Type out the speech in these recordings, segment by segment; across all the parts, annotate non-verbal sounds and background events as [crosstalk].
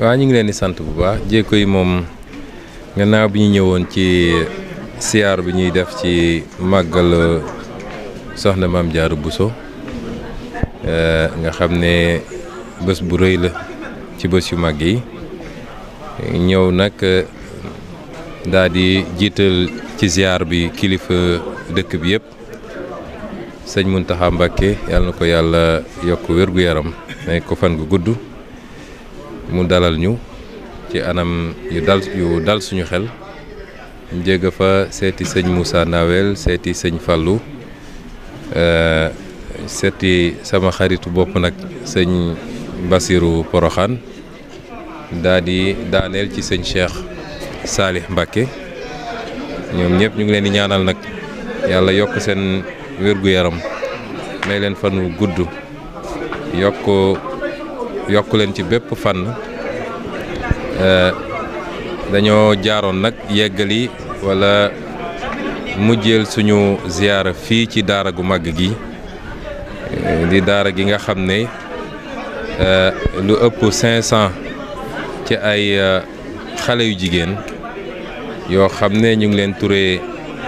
waa ñu ngi leen di sant bu baax jéego yi moom gannaaw bi ñu ñëwoon ci siyaar bi ñuy def ci màggal euh, soxna maam Diarra Bousso euh, nga xam ne bés bu rëy la ci bés yu màgg yi ñëw nag euh, daadi di jiital ci ziar bi kilifa dëkk bi yëpp sëñ Mountakha Mbacké yàlla na ko yàlla yokk wér gu yaram may ko fan gu gudd. mu dalal ñu ci anam yu dal yu dal suñu xel njégg fa seeti sëñ Moussa Nawel seeti sëñ Fallou euh, seeti sama xaritu bopp nag sëñ Basirou Poroxaan daa di daaneel ci sëñ Cheikh Salih Mbacke ñoom ñëpp ñu ngi leen di ñaanal nag yàlla yokk seen wér-gu-yaram may leen fan gudd yokk yokk leen ci bépp fànn euh, dañoo jaaroon nag yeggali wala mujjeel suñu ziyaara fii ci daara gu màgg gi euh, di daara gi nga xam ne euh, lu ëpp 500 ci ay xale yu jigéen yoo xam ne ñu ngi leen turee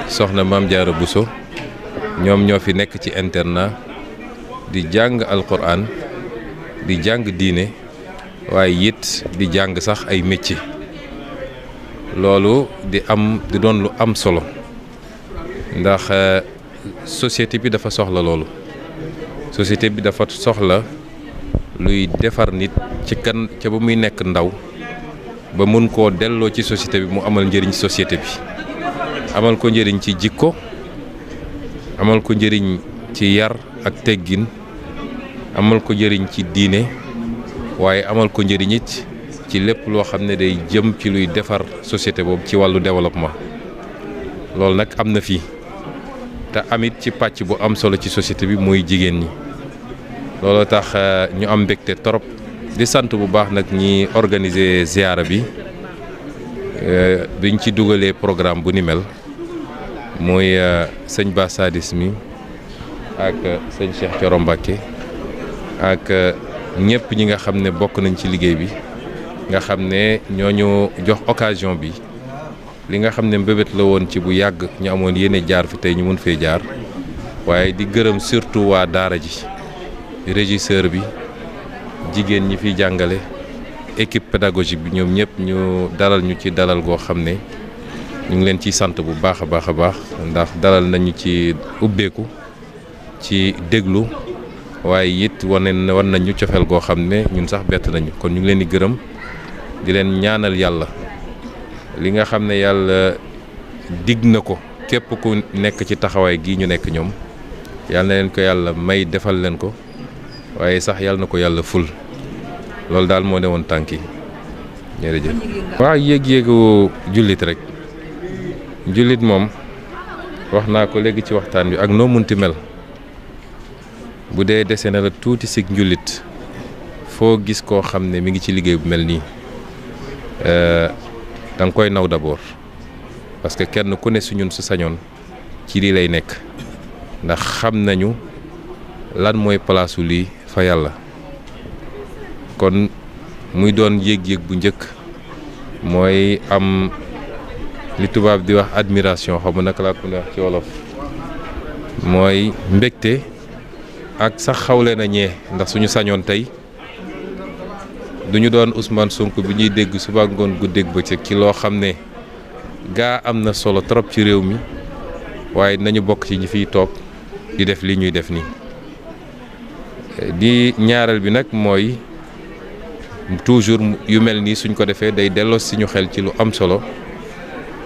soxna Maam Jaara Buso ñoom ñoo fi nekk ci internat di jàng alquran di jàng diine waaye it di jàng sax ay métier loolu di am di doon lu am solo ndax euh, société bi dafa soxla loolu société bi dafa soxla luy defar nit ci kan ca ba muy nekk ndaw ba mën koo delloo ci société bi mu amal njëriñ société bi amal ko njëriñ ci jikko amal ko njëriñ ci yar ak teggin amal ko njëriñ ci diine waaye amal ko njëriñ it ci lépp loo xam ne day jëm ci luy defar société boobu ci wàllu développement loolu nag am na fii te amit ci pàcc bu am solo ci société bi mooy jigéen ñi loolu tax euh, ñu am mbégte torop di sant bu baax nag ñi organiser ziara bi euh, biñ ci dugalee programme bu ni mel mooy euh, sëñ Ba Sadis mi ak sëñ Cheikh Thioro Mbacké ak euh, ñëpp ñi nga xam ne bokk nañ ci liggéey bi nga xam ne ñoo ñu jox occasion bi li nga xam ne mbébét la woon ci bu yàgg ñu amoon yéene jaar fi tey ñu mën fee jaar waaye di gërëm surtout waa daara ji régisseur bi jigéen ñi fiy jàngale équipe pédagogique bi ñoom ñëpp ñu dalal ñu ci dalal goo xam ne ñu ngi leen ci sant bu baax a baax a baax ndax dalal nañu ci ubbeeku ci déglu waaye it wane ne war nañ ñu cofeel goo xam ne ñun sax bett nañu kon ñu ngi leen di gërëm di leen ñaanal yàlla li nga xam ne yàlla digg na ko képp ku nekk ci taxawaay gi ñu nekk ñoom yàlla na leen ko yàlla may defal leen ko waaye sax yàlla na ko yàlla ful loolu daal moo ne woon tànk yi jërëjëf waaw yéeg-yéegu jullit rek jullit moom wax naa ko léegi ci waxtaan bi ak noo munti mel bu dee desee na la tuuti sig njulit foo gis koo xam ne mi ngi ci liggéey bu mel nii euh, da nga koy naw d'abord parce que kenn ku ne su ñun su sañoon ci lii lay nekk ndax xam nañu lan mooy palaasu lii fa yàlla kon muy doon yéeg-yéeg bu njëkk mooy am li tubaab di wax admiration xaw ma naka laa ko wax ci wolof mooy mbégte ak sax xawle na ñee ndax suñu sañoon tey duñu doon usmaan Sonko bi ñuy dégg suba ngoon gu dégg bëccëg ci loo xam ne gaa am na solo trop ci réew mi waaye nañu bokk ci ñi fiy toog di def li ñuy def nii di ñaareel bi nag mooy toujours yu mel nii suñ ko defee day delloo si ñu xel ci lu am solo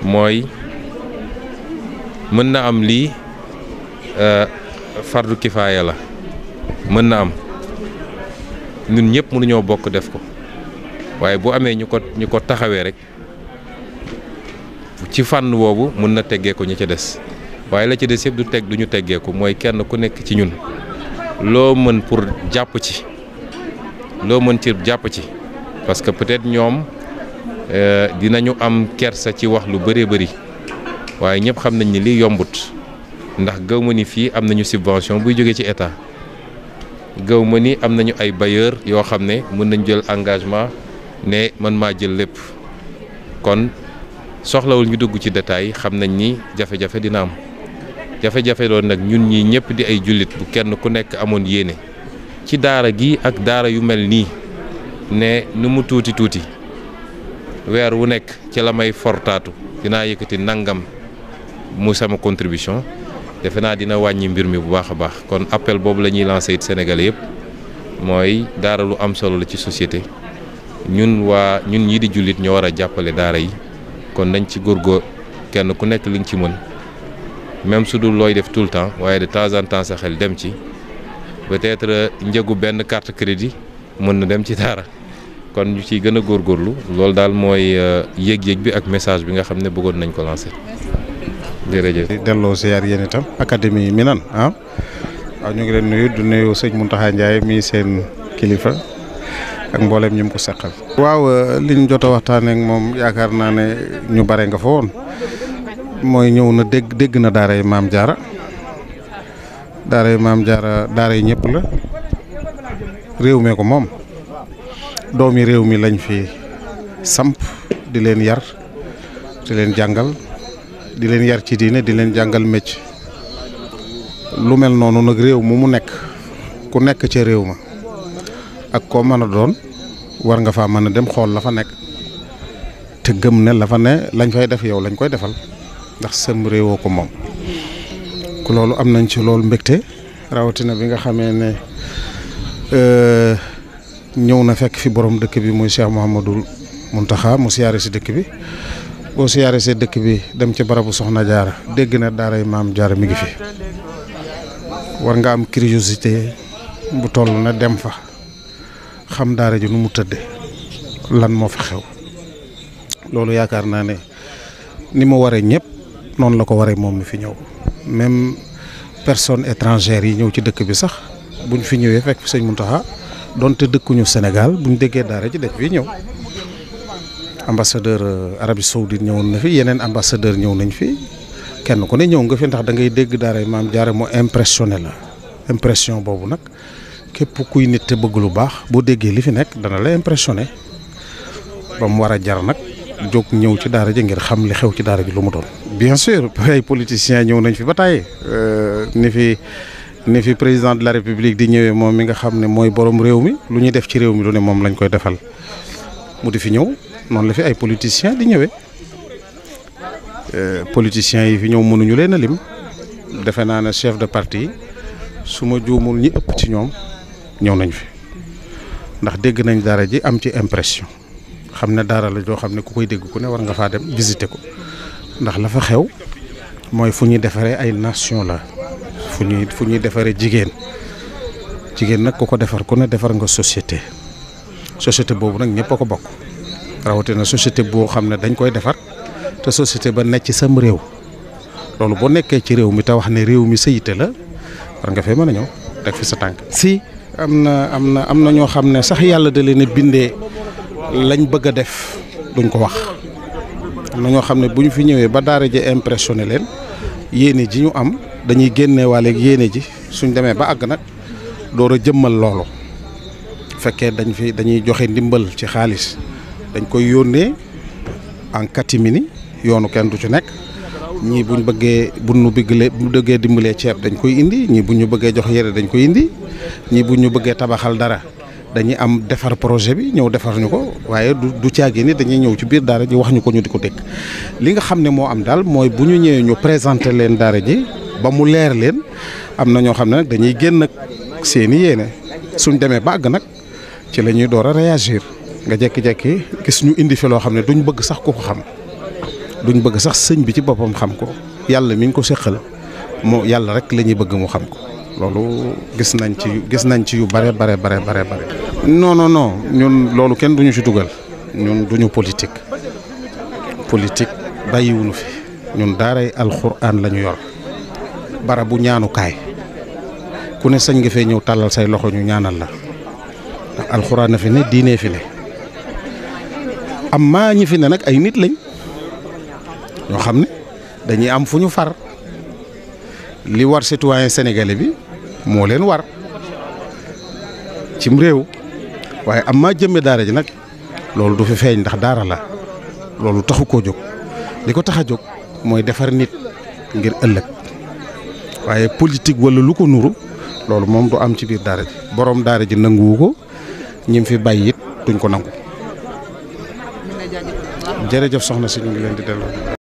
mooy mën na am lii euh, fardu kifaaya la mën na am ñun ñëpp mënuñoo bokk def ko waaye bu amee ñu ko ñu ko taxawee rek ci fànn woowu mën na teggee ko ñu ca des waaye la ci des yëpp du teg du ñu teggee ko mooy kenn ku nekk ci ñun loo mën pour jàpp ci loo mën ci jàpp ci parce que peut-être ñoom euh, dinañu am kersa ci wax lu bëree bëri waaye ñëpp xam nañ ni lii yombut ndax gëw ma ni fii am nañu subvention buy jóge ci état. gëw ma ni am nañu ay bailleur yoo xam ne mën nañ jël engagement ne man maa jël lépp kon soxlawul ñu dugg ci détail xam nañ ni jafe-jafe dina am jafe-jafe loolu nag ñun ñi ñëpp di ay jullit bu kenn ku nekk amoon yéene ci daara gi ak daara yu mel nii ne nu mu tuuti tuuti weer wu nekk ci la may fortaatu dinaa yëkkati nangam mu sama contribution defe naa dina wàññi mbir mi bu baax a baax kon appel boobu la ñuy lancé it Sénégalais yëpp mooy daara lu am solo la ci société ñun waa ñun ñii di jullit ñoo war a jàppale daara yi kon nañ ci góor góor kenn ku nekk li nga ci mën même su dul looy def tout le temps waaye de temps en temps sa xel dem ci peut-être euh, njëgu benn carte crédit mën na dem ci daara kon ñu ciy gën a góorlu loolu daal mooy euh, yéeg-yéeg bi ak message bi nga xam ne bëggoon nañ ko lancer. jërëjëf di delloo ziar yéen itam académie mi nan ah. waaw ñu ngi leen nuyu du nuyu sëñ Mountakha Ndiaye mi seen kilifa ak mboolem ñu ko seqal. waaw euh, li ñu jot a waxtaanee moom yaakaar naa ne ñu bare nga fa woon mooy ñëw na dégg dégg na daaray maam jaara daara yi maam jaara daara yi ñëpp la réew mee ko moom doomi réew mi lañ fi samp di leen yar di leen jàngal. di leen yar ci diine di leen jàngal mécc lu mel noonu nag réew mu mu nekk ku nekk ca réew ma ak koo mën a doon war nga faa mën a dem xool la fa nekk te gëm ne la fa ne lañ fay def yow lañ koy defal ndax sëm réewoo ko moom ku loolu am nañ ci loolu mbégte rawatina bi nga xamee ne euh, ñëw na fekk fi borom dëkk bi muy Cheikh Mouhamadul Mountakha mu siyaare si dëkk bi boo siyaaree see dëkk bi dem ci barabu Soxna Jaara dégg na daaray maam Jaara mi ngi fi war nga am curiosité bu toll na dem fa xam daara ji nu mu tëdde lan moo fa xew loolu yaakaar naa ne ni mu waree ñëpp noonu la ko waree moom mi fi ñëw même personne étrangère yi ñëw ci dëkk bi sax buñ fi ñëwee fekk fi sëñ Muntaxa donte dëkkuñu Sénégal buñ déggee daara ji def fii ñëw ambassadeur euh, Arabie Saoudite ñëwoon na fi yeneen ambassadeur ñëw nañ fi kenn ku ne ñëw nga fi ndax dangay dégg daara maam jaare mu impressionné la impression boobu nag képp kuy nit te bëgg lu baax boo déggee li fi nekk dana la impressionné ba mu war a jar nag jóg ñëw ci daara ji ngir xam li xew ci daara ji lu mu doon. bien sûr [laughs] ay politiciens ñëw nañ fi ba tàyyi euh, ni ni fi président de la république di ñëwee moom mi nga xam ne mooy borom réew mi lu ñuy def ci réew mi lu ne moom lañ koy defal mu di fi ñëw. noonu la fi ay politiciens di ñëwee euh, politiciens yi fi ñëw mënuñu leen a lim defe naa ne chef de parti yi su ma juumul ñi ëpp ci ñoom ñëw nañ fi ndax dégg nañ daara ji am ci impression xam ne dara la joo xam ne ku koy dégg ku ne war nga faa dem visiter ko ndax la fa xew mooy fu ñuy defaree ay nation la fu ñuy fu ñuy defaree jigéen jigéen nag ku ko defar ku ne defar nga société société boobu nag ñëpp a ko bokk. rawatina société boo xam ne dañ koy defar te société ba nekk ci sam réew loolu boo nekkee ci réew mi te wax ne réew mi sa yitte la war nga fee mën a ñëw teg fi sa tànk. si am na am na am na ñoo xam ne sax yàlla da leen bindee lañ bëgg a def duñ ko wax am na ñoo xam ne bu ñu fi ñëwee ba daara ji impressionné leen yéene ji ñu am dañuy génneewaale ak yéene ji suñ demee ba àgg nag door a jëmmal loolu. fekkee dañ fi dañuy joxe ndimbal ci xaalis dañ koy yónnee en catimini yoonu kenn du ci nekk ñii buñ bëggee bu nu biggalee bu dëggee dimbalee ceeb dañ koy indi ñii bu ñu bëggee jox yére dañ koy indi ñii bu ñu bëggee tabaxal dara dañuy am defar projet bi ñëw defar ñu ko waaye du du caagi ni dañuy ñëw ci biir daara ji wax ñu ko ñu di ko dégg li nga xam ne moo am daal mooy bu ñu ñëwee ñu présenté leen daara ji ba mu leer leen am na ñoo xam ne nag dañuy génn ak seeni yéene suñ demee bàgg nag ci la ñuy door a réagir. nga jekki-jekki gis ñu indi fi loo xam ne duñu bëgg sax ku ko xam duñ bëgg sax sëñ bi ci boppam xam ko yàlla mi ñu ko séqal moo yàlla rek lañuy bëgg mu xam ko loolu gis nañ ci gis nañ ci yu bare bare bare bare bare non noo non ñun loolu kenn duñu ci dugal ñun duñu politique politique bàyyiwuñu fi ñun daaray alxuraan lañu yor yor bu ñaanukaay ku ne sañ nga fee ñëw tàllal say loxo ñu ñaanal la ndax alxuraan fi ne diine fi ne am maa ñi fi ne nag ay nit lañ ñoo xam ne dañuy am fu ñu far li war citoyen sénégalais bi moo leen war cim réew waaye am maa jëmme daara ji nag loolu du fi feeñ ndax daara la loolu taxu koo jóg li ko tax a jóg mooy defar nit ngir ëllëg waaye politique walla lu ko nuru loolu moom du am ci biir daara ji boroom daara ji nanguwu ko ñim fi bàyyi it duñ ko nangu. jërëjëf soxna si ñu ngi leen di delloo.